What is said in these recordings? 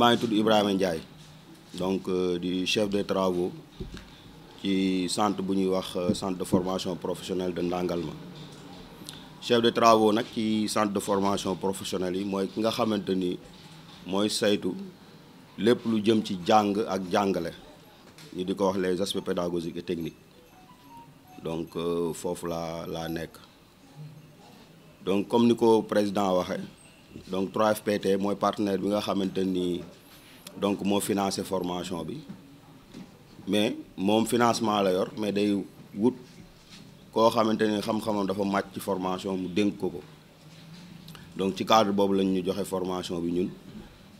maa ngi tudd Ibrahima Ndiaye donc euh, di chef de travaux ci centre bu ñuy wax euh, centre de formation professionnelle de Ndangalma chef de travaux nag ci centre de formation professionnelle yi mooy ki nga xamante ni mooy saytu lépp lu jëm ci jàng ak jàngale ñu di ko wax les aspects pédagogiques et techniques donc euh, foofu laa laa nekk donc comme ni ko président waxee donc 3FPT mooy partenaire bi nga xamante nii donc moo financé formation bi mais moom financement la yor mais day wut koo xamante ni xam-xamam dafa màcc ci formation mu dénk ko ko donc ci cadre boobu lañ ñu joxe formation bi ñun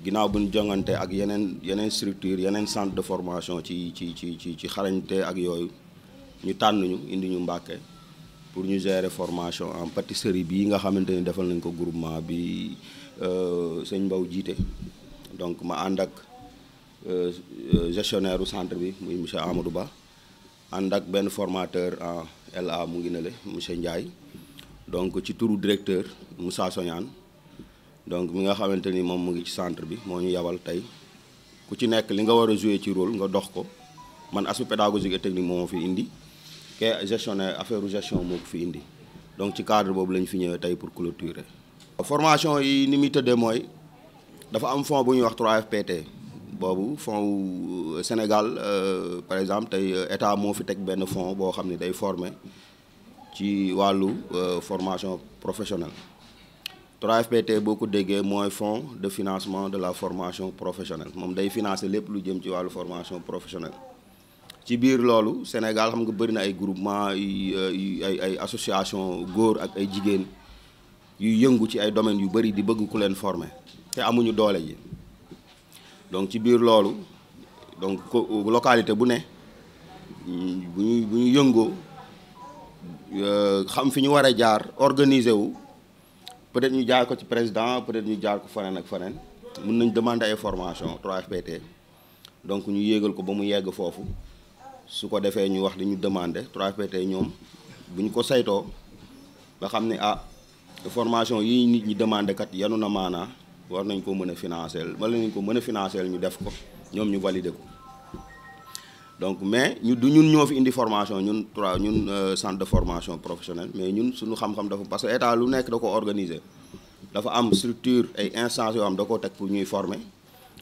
ginnaaw bu ñu jongante ak yeneen yeneen structure yeneen centre de formation ci ci ci ci ci xarañte ak yooyu ñu tànn ñu indi ñu Mbàkke pour ñu gere formation en pâtisserie bii nga xamante ni defal nañ ko groupement bi euh, sëñ Mbaw jiite donc ma ànd ak euh, gestionnaire u centre bi muy monsieur Amadou Ba ànd ak benn formateur en LA mu ngi ne le monsieur Ndiaye donc ci tour directeur Moussa Soñaan donc mi nga xamante ni moom mu ngi ci centre bi moo ñu yabal tey ku ci nekk li nga war a jouer ci rôle nga dox ko man aspect pédagogique et technique moo fi indi ke gestionnaire affaire gestion moo ko fi indi donc ci cadre boobu lañu fi ñëwee tey pour clôturer. formation yi ni muy tëddee mooy dafa am fonds bu ñuy wax 3FPT boobu fonds wu Sénégal euh, par exemple tey euh, état moo fi teg benn fonds boo xam ne day former ci wàllu euh, formation professionnel 3FPT boo ko déggee mooy fonds de financement de la formation professionnelle moom day financer lépp lu jëm ci wàllu formation professionnelle. ci biir loolu Sénégal xam nga bëri na ay groupement ay ay association góor ak ay jigéen yu yëngu ci ay domaines yu bëri di bëgg ku leen former te amuñu doole ji donc ci biir loolu donc localité bu ne bu ñu bu ñu yëngoo xam fi ñu war a jaar organiser wu peut-être ñu jaar ko ci président peut-être ñu jaar ko feneen ak feneen mun nañ demander ay formation 3FPT donc ñu yéegal ko ba mu yegg foofu su ko defee ñu wax li ñu demandé 3PT ñoom bu ñu ko saytoo nga xam ne ah formation yi nit ñi demandé kat yanu na maanaa war nañ ko mën a financer wala nañ ko mën a financer ñu def ko ñoom ñu valider ko donc mais ñu du ñun ñoo fi indi formation ñun trois ñun euh, centre de formation professionnelle mais ñun suñu xam-xam dafa parce que état lu nekk da ko organiser dafa am structure ay instances yoo am da ko teg pour ñuy former.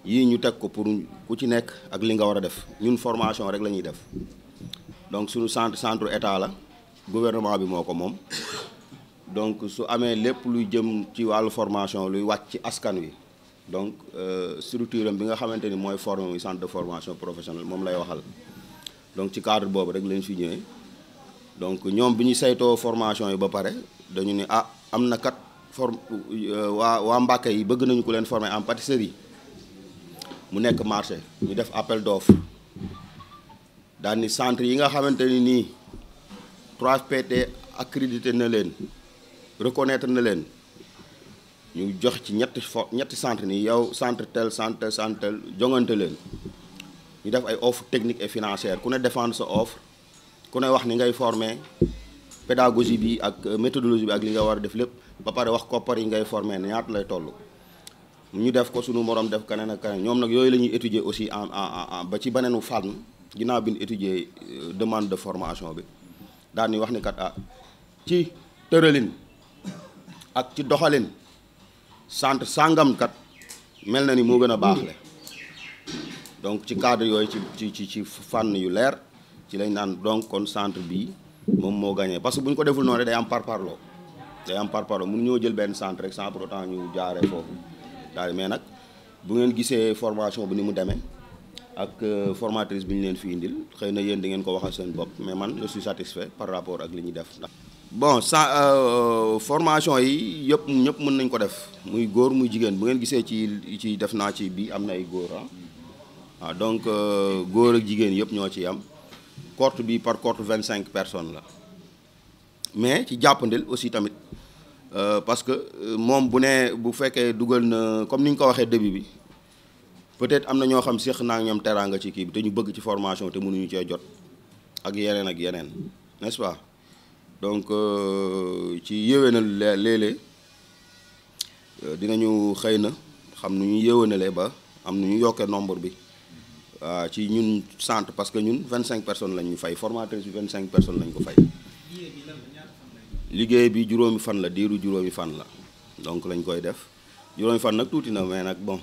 yii ñu teg ko pour ku ci nekk ak li nga war a def ñun formation rek la ñuy def donc suñu centre centre état la gouvernement bi moo ko moom donc su amee lépp luy jëm ci wàllu formation luy wàcc ci askan wi donc euh, structure am bi nga xamante ni mooy formé muy centre de formation professionnelle moom lay waxal donc ci cadre boobu rek lañ fi ñëwee donc ñoom bi ñu saytoo formation yi ba pare dañu ni ah am na kat form euh, waa waa Mbàkke yi bëgg nañu ko leen former en pâtisserie mu nekk marché ñu def appel d'offre daal ni centre yi nga xamante ni nii 3 ak accrédité na leen reconnaître na leen ñu jox ci ñetti fo ñetti centre nii yow centre tel centre tel centre tel jongante leen ñu def ay offre technique et financière ku ne défendre sa offre ku ne wax ni ngay former pédagogie bi ak euh, méthodologie bi ak li nga war a def lépp ba pare wax koppar yi ngay former ne ñaata lay toll ñu def ko suñu moroom def keneen ak keneen ñoom nag yooyu lañuy ñuy étudier aussi en en ba ci beneenu fànn ginnaaw bi ñu étudier euh, demande de formation bi daal ni wax ni kat ah ci tëralin ak ci doxalin centre sàngam mel na ni moo gën a baax le donc ci cadre yooyu ci ci ci fànn yu leer ci lañ naan donc kon centre bii moom moo gagné parce que bu ñu ko deful noonu rek day am parparloo day am parparloo mun ñoo jël benn centre rek sans pour autant ñu jaaree foofu. daal mais nag bu ngeen gisee formation bi ni mu demee ak euh, formatrice bi ñu leen fi indil xëy na yéen di ngeen ko wax waxal seen bopp mais man je suis satisfait par rapport ak li ñuy def. bon sa euh, formation yi yëpp ñëpp mën nañ ko def muy góor muy jigéen bu ngeen gisee ci ci def naa ci bii am na ay góor ah, ah donc euh, góor ak jigéen yëpp ñoo ci am corte bi par corte vingt cinq personnes la mais ci jàppandil aussi tamit. Euh, parce que euh, moom bu nee bu fekkee dugal na comme ni ñu ko waxee début bi peut-être am na ñoo xam séq naa ñoom teraanga ci kii bi te ñu bëgg ci formation te mënuñu cee jot ak yeneen ak yeneen n'est-ce pas donc euh, ci yéwénal léeg-léeg dinañu xëy na xam nu ñu yéwénalee ba am nu ñu yokkee nombre bi waaw ci ñun centre parce que ñun vingt cinq personnes lañ ñu fay formatrice bi vingt cinq personnes lañ ko fay liggéey bi juróomi fan la diiru juróomi fan la donc lañ koy def juróomi fan nag tuuti na mais nag bon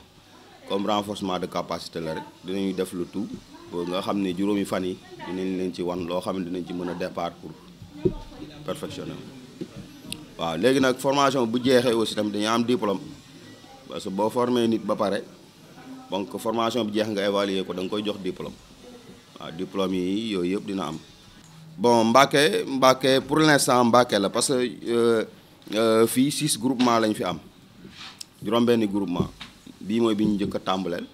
comme renforcement de capacité la rek dinañu def le tout nga xam ne juróomi fan yi dinañ leen ci wan loo xam ne dinañ ci mën a départ pour perfectionner waaw léegi nag formation bu jeexee aussi tam dañu am diplôme parce que boo formee nit ba pare donc formation bi jeex nga évaluer ko da nga koy jox diplôme waaw diplôme yi yooyu yëpp dina am bon Mbacké Mbacké pour l'instant Mbacké la parce que euh, euh, fii six groupement lañ fi am juróom-benni groupement bii mooy bi ñu njëkk a tàmbaleel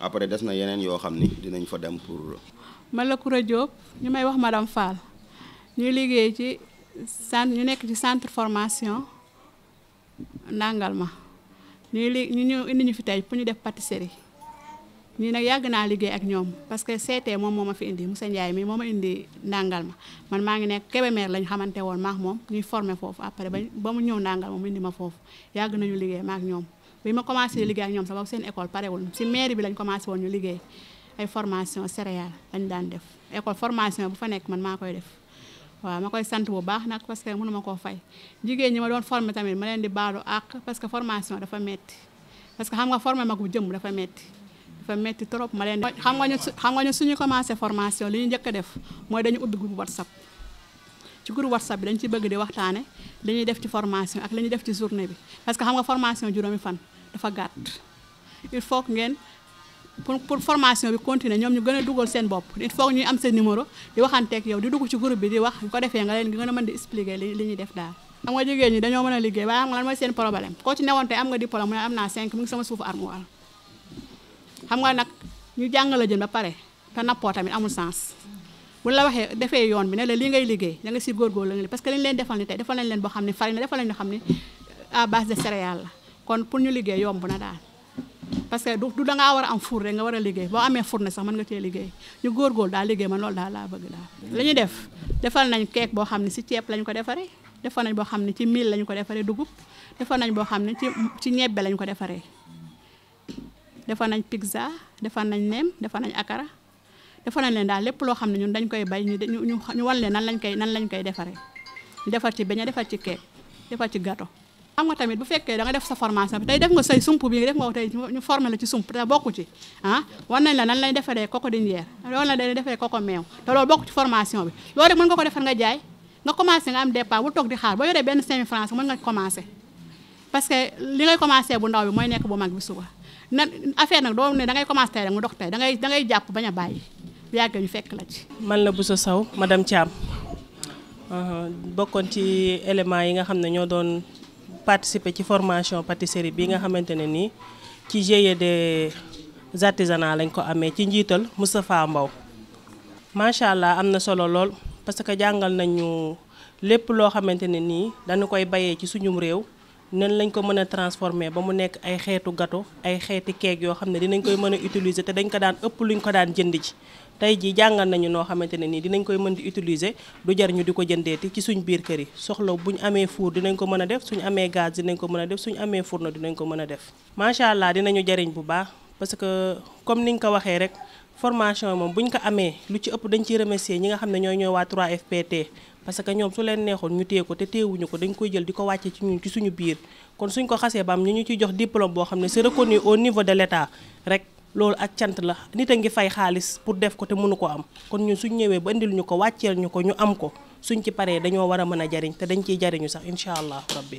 après des na yeneen yoo xam ni dinañ fa dem pour. Euh. man la Koura Diop ñu may wax madame Fall ñuy liggéey ci centre ñu nekk ci centre formation Ndangalma ñuy li ñu indi ñu fi tey pour ñu def pâtisserie. ñii nag yàgg naa liggéey ak ñoom parce que seetee moom moo ma fi indi monsieur Ndiaye mi moo ma indi ndàngal ma man maa ngi nekk Kébémer lañ xamante woon maak moom ñuy formé foofu après ba mu ñëw ndàngal ma mu indi ma foofu yàgg nañu liggéey maak ñoom bi ma commencé liggéey ak ñoom sax seen école parewul si mairie bi lañ commencé woon ñu liggéey ay formation céréale lañ daan def école formation bu fa nekk man maa koy def waaw ma koy sant bu baax na parce que mënu ma koo fay jigéen ñi ma doon formé tamit ma leen di baalu àq que formation dafa metti parce que xam nga formé ma ko jëm dafa metti dafa metti trop ma leen xam nga ñu xam nga ñu suñu commencé formation li ñu njëkk def mooy dañu ubbi groupe whatsapp ci groupe whatsapp bi dañ ci bëgg di waxtaane li ñuy def ci formation ak li ñuy def ci journée parce que xam nga formation juróomi fan dafa gàtt il faut que ngeen pour pour formation bi continuer ñoom ñu gën a dugal seen bopp il faut ñuy am seen numéro di waxanteeg yow di dugg ci groupe bi di wax ko defee nga leen gën a mën di expliquer li li def daal. xam nga jigéen ñi dañoo mën a liggéey waaye xam nga lan mooy seen problème koo ci newoon tey am nga diplôme mu ne xam nga nag ñu jàngal la jën ba pare te nappoo tamit amul sens bu la waxee defee yoon bi ne la lii ngay liggéey da nga si góorgóorlu la nga parce que lañ leen defal ni tey defal nañ leen boo xam ne farine defal nañ la kon pour ñu liggéey yomb na daal parce que du da ngaa war a am four rek nga war a liggéey boo amee four na sax mën nga cee liggéey ñu góorgóorlu daal liggéey ma loolu daal laa bëgg daal la ñuy def defal nañ keek boo xam ne si ceeb lañ ko defaree defal nañ boo xam ne ci mil lañ ko defaree dugub defal nañ boo xam ne ci ci ñebbe lañ ko defaree defar nañ pizza defar nañ neem defar nañ akara defar nañ leen daal lépp loo xam ne ñun dañ koy bay ñu ñu ñu wan leen nan lañ koy nan lañ koy defar ci beñe defar ci keek defar ci gato xam nga tamit bu fekkee da def sa formation bi tey def nga say sump bi def nga tey ñu formé la ci sump te bokku ci ah wan la nan lañ defaree koko dinjeer loolu la dañuy defaree koko meew te loolu bokku ci formation bi loolu rek nga ko defar nga jaay nga commencé nga am départ bu toog di xaar ba yoree benn cinq mille francs mën commencé parce que li ngay commencé bu ndaw bi mooy nekk bu mag bi suba na affaire nag doo ne da ngay commencé rek mu dox tey dangay dangay jàpp bañ a bàyyi bu yàggee ñu fekk la ci. man la Bousso Sow madame Thiam uh-huh. bokkoon ci éléments yi nga xam ne ñoo doon participer ci formation pâtisserie bii nga xamante ne nii ci GIE des artisanat lañ ko amee ci njiital Moustapha Mbow. macha allah am na solo lool parce que jàngal nañu lépp loo xamante ne nii dañu koy bayee ci suñum réew. nan lañ ko mën a transformer ba mu nekk ay xeetu gato ay xeeti keek yoo xam ne dinañ koy mën a utiliser te dañ ko daan ëpp ñu ko daan jënd ji tey jii jàngal nañu noo xamante ne nii dinañ koy mën di utiliser du jar ñu di ko jëndeeti ci suñ biir kër yi soxla bu ñu amee four dinañ ko mën a def suñ amee gaz dinañ ko mën a def suñ amee na dinañ ko mën a def macha allah dinañu jariñ bu baax parce que comme niñ ko waxee rek formation moom buñ ko amee lu ci ëpp dañ ciy remercier ñi nga xam ne ñooy ñooy waa 3 parce que ñoom su leen neexoon ñu téye ko te téyewuñu ko dañ koy jël di ko wàcce ci ñun ci suñu biir kon suñ ko xasee ba am ñu ñu ciy jox diplôme boo xam ne c'est reconnu au niveau de l'État rek loolu ak cant la nit a ngi fay xaalis pour def ko te mënu ko am kon ñun suñ ñëwee ba indil ñu ko wàcceel ñu ko ñu am ko suñ ci paree dañoo war a mën a jariñ te dañ ciy jariñu sax incha allah rabbi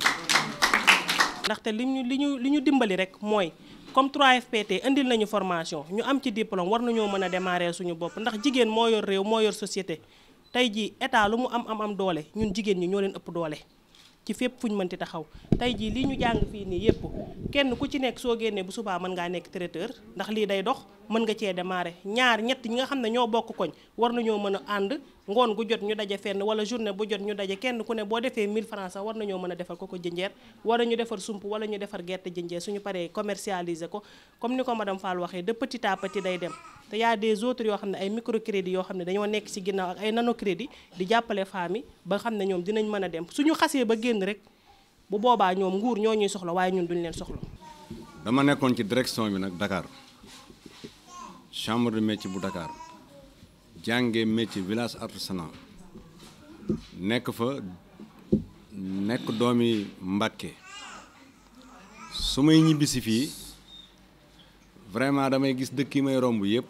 ndaxte li ñu li ñu li ñu dimbali rek mooy comme 3FPT indil nañu formation ñu am ci diplôme war nañoo mën a démarrer suñu bopp ndax jigéen moo yor réew moo yor société tey jii état lu mu am am am doole ñun jigéen ñi ñoo leen ëpp doole ci fépp fuñ mënti taxaw tey jii lii ñu jàng fii nii yépp kenn ku ci nekk soo génnee bu subaa mën ngaa nekk traiteur ndax lii day dox mën nga cee démarrer ñaar ñett ñi nga xam ne ñoo bokk koñ war nañoo mën a ànd ngoon gu jot ñu daje fenn wala journée bu jot ñu daje kenn ku ne boo defee 1000 francs sax war nañoo mën a defar ko ko jënjeer wala ñu defar sump wala ñu defar gerte jënjeer suñu paree commercialiser ko comme ni ko ma madame Fall waxee de petit à petit day dem te y a des autres yoo xam ne ay microcrédit yoo xam ne dañoo nekk ci ginnaaw ak ay crédit di jàppale femmes yi ba xam ne ñoom dinañ mën a dem suñu xasee ba génn rek bu boobaa ñoom nguur ñoo ñuy soxla waaye ñun duñ leen soxla dama nekkoon ci direction bi nag Dakar chambre de métier bu Dakar jànge métier village artisanal nekk fa nekk doomi Mbàkke su may ñibbisi fii vraiment damay gis dëkk yi may romb yëpp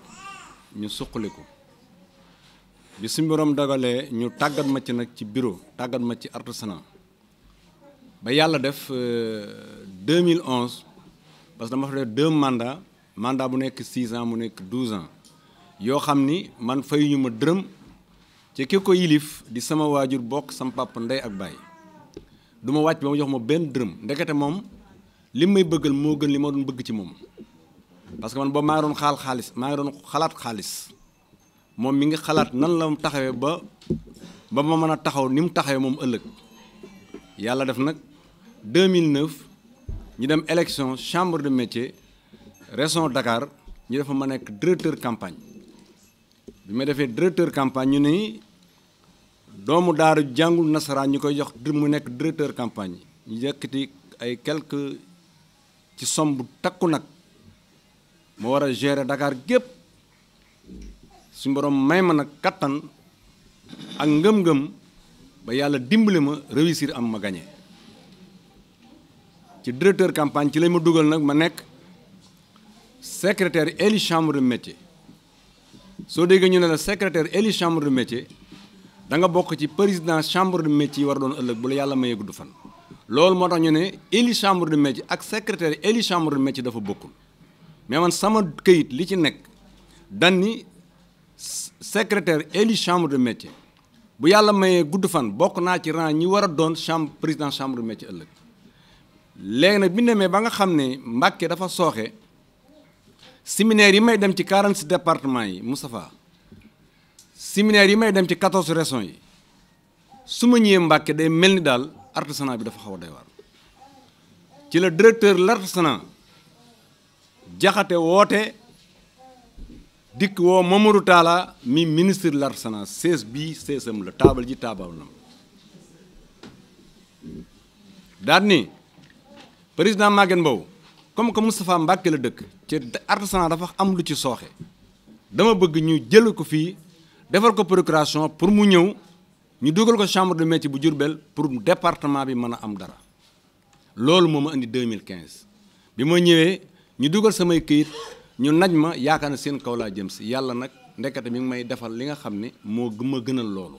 ñu suqaliku bi suñu borom dogalee ñu tàggat ma ci nag ci bureau tàggat ma ci artisanat ba yàlla def 2011 euh, parce que dama fa def deux mandaa bu nekk 6 ans mu nekk 12 ans yoo xam ni man fayuñu ma dërëm ci ki ko yilif di sama waajur bokk sama papa ndey ak baay duma wàcc ba ma jox ma benn dërëm ndekete moom li may bëggal moo gën li ma doon bëgg ci moom parce que man ba maa xaal xaalis maa ngi doon xalaat xaalis moom mi ngi xalaat nan la mu taxawee ba ba ma mën a taxaw ni mu taxawee moom ëllëg yàlla def nag 2009 ñu dem élection chambre de métier région Dakar ñu dafa ma nekk directeur campagne bi ma defee directeur campagne ñu ni doomu daara jàngul nasaraan ñu koy jox mu nekk directeur campagne ñu yëkkati ay quelques ci somme bu takku nag ma war a gere Dakar gépp si borom may ma nag kattan ak ngëm-ngëm ba yàlla dimbali ma réussir am ma gagné ci directeur campagne ci lañ ma dugal nag ma nekk. secrétaire élit chambre de métier soo déggee ñu ne la secrétaire élit chambre de métier danga bokk ci président chambre du de yi war a doon ëllëg bu la yàlla mayee gudd fan. loolu moo tax ñu ne élit chambre de métier ak secrétaire élit chambre de métier bokkul mais man sama këyit li ci nekk dan ni secrétaire élit chambre de métier bu yàlla mayee gudd fan bokk naa ci rang ñi war a doon chambre président chambre de métier ëllëg léegi nag bi ñu ba nga xam ne Mbàkke dafa sooxe. séminaire yi may dem ci quarante départements yi Moustapha séminaire yi may dem ci quatorze régions yi su ma ñëwee Mbàkke day mel ni daal artisanat bi dafa xaw a doy waar ci la directeur l'artisanat jaxate woote dikk woo Mamadou Talla mi ministre de l'artisanat sees bii seesam la taabal ji taabal na daal président Maguette Mbow comme comme Moustapha Mbacke la dëkk ci artisanat dafa am lu ci sooxe dama bëgg ñu jël ko fii defal ko procuration pour mu ñëw ñu dugal ko chambre de métier bu Diourbel pour département bi mën a am dara loolu moo ma indi 2015 bi ma ñëwee ñu dugal samay këyit ñu naj ma yaakaar na seen kaw laa jëm si yàlla nag ndekete mi ngi may defal li nga xam ne moo ma gënal loolu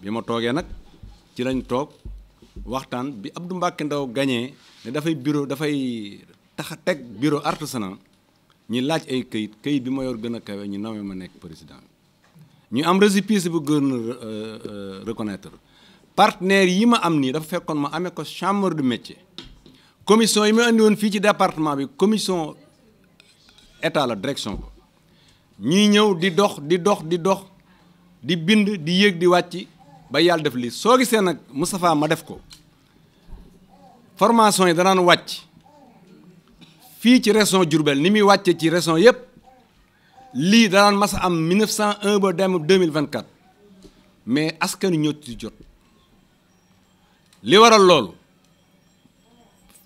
bi ma toogee nag ci lañ toog waxtaan bi ab du Mbacke Ndaw gañee ne dafay bureau dafay taxa a teg bureau artisanat ñi laaj ay këyit këyit bi ma yor gën a kawe ñu nawee ma nekk président ñu am récépissé bu gën a euh, euh, reconnaître partenaire yi ma am nii dafa fekkoon ma amee ko chambre du métier commission yi ma andi woon fii ci département bi commission état la direction ko ñuy ñëw di dox di dox di dox di bind di yéeg di wàcc ba yàlla def lii soo gisee nag Moustapha ma def ko formation yi danaan wàcc fii ci région Diourbel ni muy wàcce ci région yëpp lii danaan mas a am 1901 ba dem 2024 mais askan ñoo ci jot li waral loolu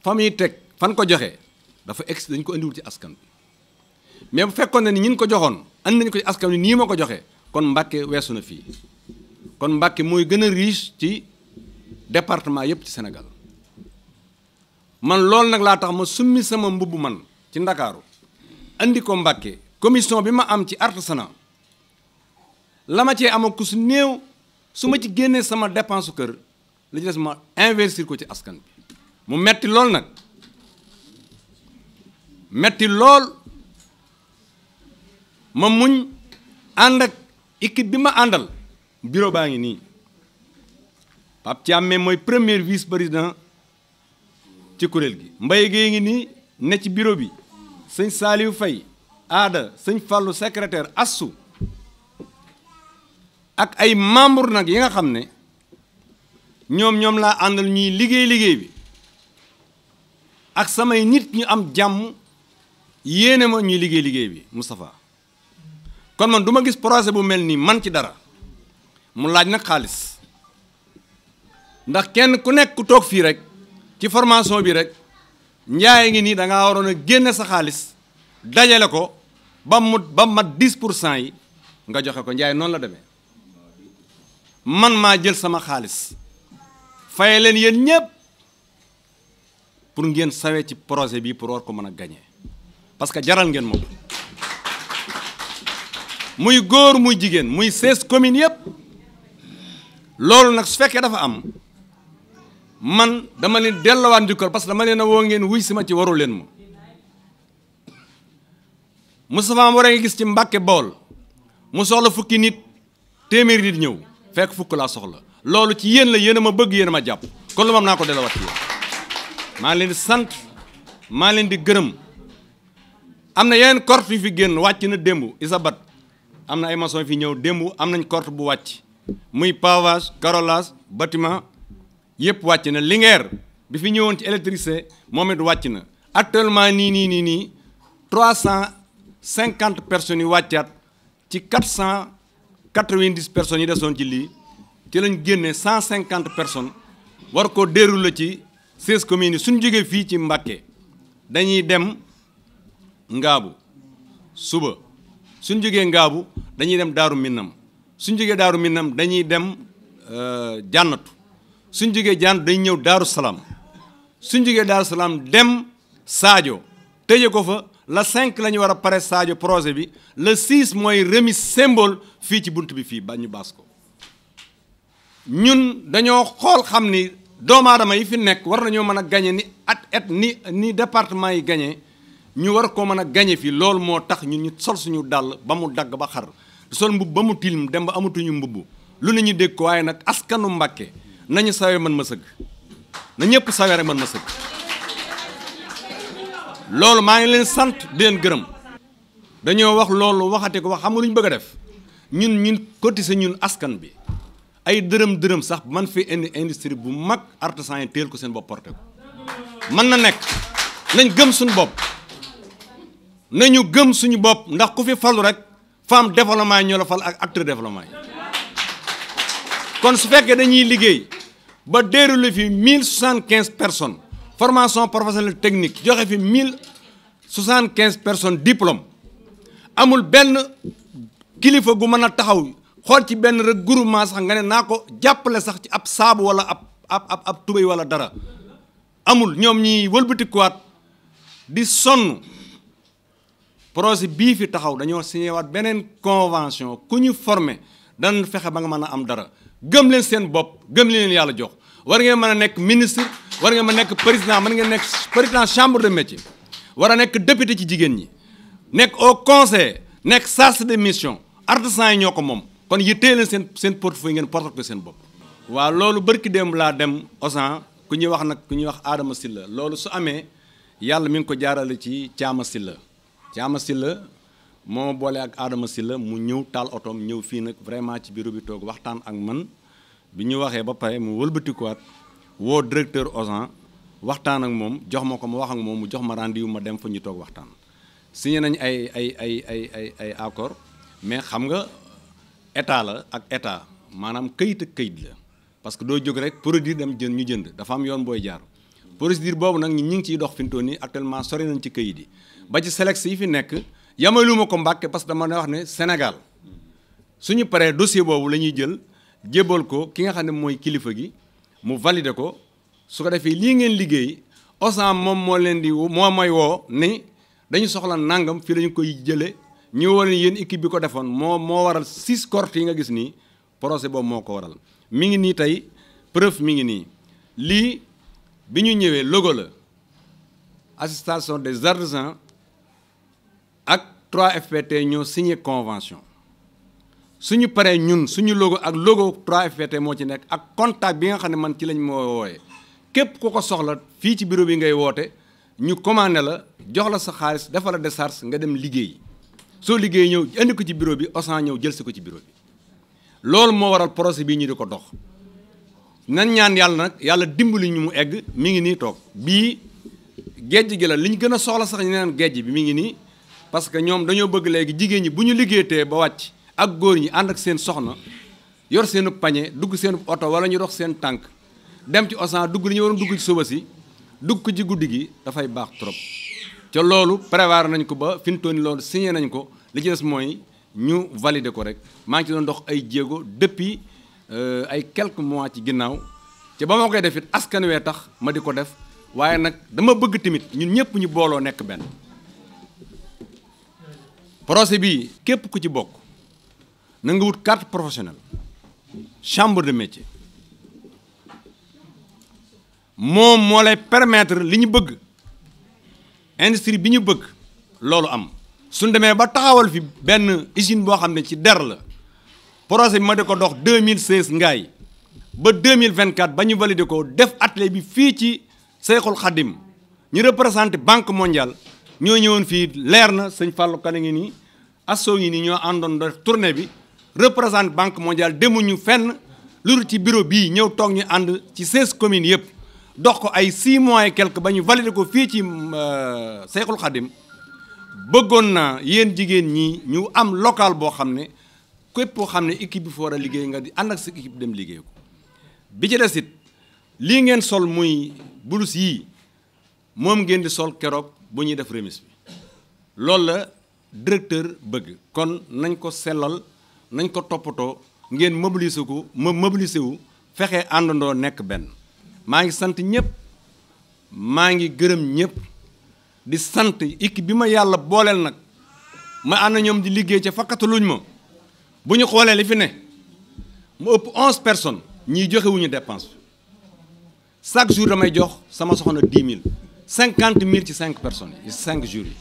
fa muy teg fan ko joxe dafa ex dañ ko indiwul ci askan bi mais bu fekkoon ne ni ñin ko joxoon andi nañ ko ci askan wi nii ma ko joxe kon Mbàkke weesu na fii kon Mbàkke mooy gën a riche ci département yëpp ci Sénégal man loolu nag laa tax ma summi sama mbubb man ci Ndakaaru andi ko Mbàkke commission bi ma am ci artisanat la ma cee ama ku su néew su ma ci génnee sama dépense kër li ci des ma ko ci askan bi mu metti lool nag metti lool ma muñ ànd ak équipe bi ma àndal bureau baa ngi nii Pape Thiamé mooy premier vice président ci kuréel gi Mbaye Guèye ngi nii ne ci bureau bi sëñ Saliou fay aada sëñ Fallou secrétaire assu ak ay membre nag yi nga xam ne ñoom ñoom laa àndal ñuy liggéey liggéey bi ak samay nit ñu am jàmm yéene ma ñuy liggéey liggéey bi Moustapha kon man duma gis projet bu mel nii man ci dara mu laaj nag xaalis ndax kenn ku nekk toog fii rek ci formation bi rek njaay ngi nii da ngaa waroon a génne sa xaalis dajale ko ba mu ba mat diis pour cent yi nga joxe ko njaay noonu la demee man maa jël sama xaalis faye leen yéen ñëpp pour ngeen sawe ci projet bi pour war ko mën a gagné parce que jaral ngeen moom muy góor muy jigéen muy 16 communes yëpp. loolu nag su fekkee dafa am man dama leen delloowaat njukkal parce que dama leen a woo ngeen wuy si ma ci waru leen ma Moustapha Mor a ngi gis ci Mbàkke Bawol mu soxla fukki nit téeméeri nit ñëw fekk fukk laa soxla loolu ci yéen la yéen a ma bëgg yéen ma jàpp kon lu ma am naa ko dellowaat ci yéen maa leen di sant maa leen di gërëm am na yeneen corte yu fi génn wàcc na démb isabat am na ay maçon fi ñëw démb am nañ corte bu wàcc muy pavage carrelage bâtiment yëpp wàcc na Linguère bi fi ñëwoon ci électricité moom it wàcc na actuellement nii nii nii nii trois cent cinquante personnes wàccaat ci quatre cent quatre vingt personnes yi desoon ci lii ci lañ génne cent cinquante personnes war ko la ci seize communes yi suñ jógee fii ci Mbacké dañuy dem Ngaabu suba suñ jógee Ngaabu dañuy dem Daaru Minam suñ jógee daaru minam dañuy dem euh, jànnatu suñ jógee jànnatu dañuy ñëw daaru salaam suñ jógee daaru salaam dem Sadio tëje ko fa la 5 la ñu war a pare saajo projet bi le 6 mooy remise symbole fii ci bunt bi fii ba ñu baas ko ñun dañoo xool xam ni doom aadama yi fi nekk war nañoo mën a gañe ni at et ni ni département yi gañe ñu war koo mën a gañe fii loolu moo tax ñun ñu sol suñu dàll ba mu dagg ba xar sol mbubb ba mu tilim dem ba amatuñu mbubb lu ne ñuy dégg ko waaye nag askanu Mbàkke nañu sawe man ma sëgg na ñëpp sawe rek man ma sëgg loolu maa ngi leen sant di leen gërëm dañoo wax loolu waxate ko wax xam nga ñu bëgg a def ñun ñun cotiser ñun askan bi ay dërëm dërëm sax man fi indi industrie bu mag artisan yi teel ko seen bopp ko mën na nekk nañ gëm suñu bopp nañu gëm suñu bopp ndax ku fi falu rek femme développement yi ñoo la fal ak acteur développement yi kon su fekkee dañuy liggéey ba déroulé fi mille soixante quinze personnes formation professionnelle technique joxe fi mille soixante quinze personnes diplôme amul benn kilifa gu mën a taxaw xool ci benn regroupement sax nga ne naa ko jàppale sax ci ab saabu wala ab ab ab tubéy wala dara amul ñoom ñi wëlbatikuwaat di sonn projet bii fi taxaw dañoo signé waat beneen convention ku ñu formé danañ fexe ba nga mën a am dara gëm leen seen bopp gëm leen yàlla jox war ngeen mën a nekk ministre war ngeen mën a nekk président mën ngeen nekk président chambre de métier war a nekk député ci jigéen ñi nekk au conseil nekk chargé de mission artisan yi ko moom kon yittee leen seen seen portefeuille ngeen portal seen bopp waaw loolu bërki démb laa dem Auchan ku ñuy wax nag ku ñuy wax Adama Sylla loolu su amee yàlla mi ngi ko jaarale ci Caama Sylla Thiama la moo boole ak Adama la mu ñëw taal otoom ñëw fii nag vraiment ci bureau bi toog waxtaan ak man bi ñu waxee ba pare mu wëlbatikuwaat woo directeur Auchan waxtaan ak moom jox ma ko ma wax ak moom mu jox ma rendez-vous ma dem fa ñu toog waxtaan signé nañ ay ay ay ay ay ay accord mais xam nga état la ak état maanaam këyit ak këyit la parce que doo jóg rek produire dem jën ñu jënd dafa am yoon booy jaar procédure boobu nag ñi ngi ciy dox fintoon nii actuellement sori nañ ci këyit yi ba ci SELEC yi fi nekk yamaluma ko Mbàkke parce que dama na wax ne senegal suñu paree dossier boobu la ñuy jël jébbal ko ki nga xam ne mooy kilifa gi mu valider ko su ko defee lii ngeen liggéey Osam moom moo leen di moo may woo ni dañu soxla nangam fii lañu koy jëlee ñu war yéen équipe bi ko defoon moo moo waral six cortes yi nga gis nii procès boobu moo ko waral mi ngi nii tey preuve mi ngi nii lii bi ñu ñëwee logo la association des artisans ak 3FPT ñoo signé convention suñu paree ñun suñu logo ak logo 3FPT moo ci nekk ak contact bi nga xam ne man ci lañ moo wooyee képp ku ko soxla fii ci bureau bi ngay woote ñu commander la jox la sa xaalis dafa la nga dem liggéey soo liggéey ñëw indi ko ci biro bi Auchan ñëw jël si ko ci bureau bi loolu moo waral projet bii ñu di ko dox nan ñaan yàlla nag yàlla dimbali ñu mu egg mi ngi nii toog bii géej gi la li ñu gën a soxla sax ñu neen géej bi mi ngi nii parce que ñoom dañoo bëgg léegi jigéen ñi bu ñu liggéeytee ba wàcc ak góor ñi ànd ak seen soxna yor seenu pañe dugg seen oto wala ñu dox seen tànk dem ci Auchan dugg li ñu waroon dugg ci suba si dugg ci guddi gi dafay baax trop. ca loolu prévoir nañ ko ba fi mu toll loolu signé nañ ko li ci des mooy ñu valider ko rek maa ngi ci doon dox ay jéego depuis euh, ay quelques mois ci ginnaaw te ba ma koy def it askan wee tax ma di ko def waaye nag dama bëgg tamit ñun ñëpp ñu booloo nekk benn. projet bii képp ku ci bokk na nga wut carte professionnelle chambre de métier moom moo lay permettre li ñu bëgg industrie bi ñu bëgg loolu am suñ demee ba taxawal fi benn usine boo xam ne ci der la projet bi ma di ko dox 2016 ngaay ba 2024 ba ñu validé ko def atelier bi fii ci Seyxul Xadim ñu représenté banque mondiale ñoo ñëwoon fii leer na sëñ Fallou Kane ngi nii asso ngi nii ñoo àndoon def tournée bi représente banque mondiale demuñu fenn lu ci bureau bii ñëw toog ñu ànd ci 16 communes yëpp dox ko ay 6 mois et quelque ba ñu validé ko fii ci euh, Seexul Xadim bëggoon naa yéen jigéen ñi ñu am local boo xam ne képp koo xam ne équipe bi fa war a liggéey nga di ànd ak sa équipe dem liggéey ko bi ci des lii ngeen sol muy bulus yii moom ngeen di sol keroog. bu ñuy def remise bi loolu la directeur bëgg kon nañ ko sellal nañ ko toppatoo ngeen mobiliser ko ma mobiliser wu fexe àndandoo nekk benn maa ngi sant ñëpp maa ngi gërëm ñëpp di sant ikki bi ma yàlla booleel nag ma ànd ñoom di liggéey ca fakkataluñ ma bu ñu xoolee li fi ne mu ëpp onze personnes ñiy joxewuñu dépense chaque jour damay jox sama soxna dix cinquante mille ci cinq personnes yi cinq jours yi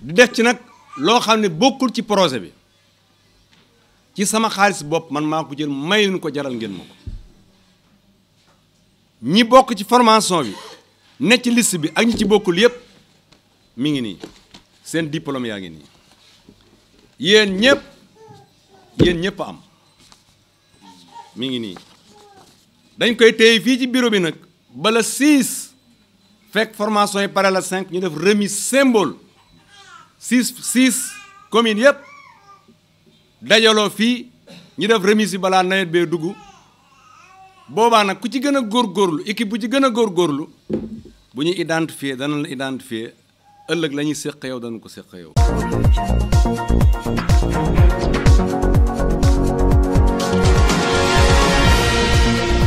di def ci nag loo xam ne bokkul ci projet bi ci sama xaalis bopp man maa ko jël may leen ko jaral ngeen ma ko ñi bokk ci formation bi ne ci list bi ak ñi ci bokkul yépp mi ngi nii seen diplôme yaa ngi nii yéen ñëpp yéen ñëpp am mi ngi nii dañ koy téye fii ci bureau bi nag bala la 6 fekk formation yi pare la cinq ñu def remise symbole 6 6 communes yëpp dajaloo fii ñu def remise bi balaa nawet bee dugg boobaa nag ku ci gën a góorlu équipe bu ci gën a góorlu bu ñuy identifier dana la identifier ëllëg lañuy ñuy séq yow dana ko séq yow.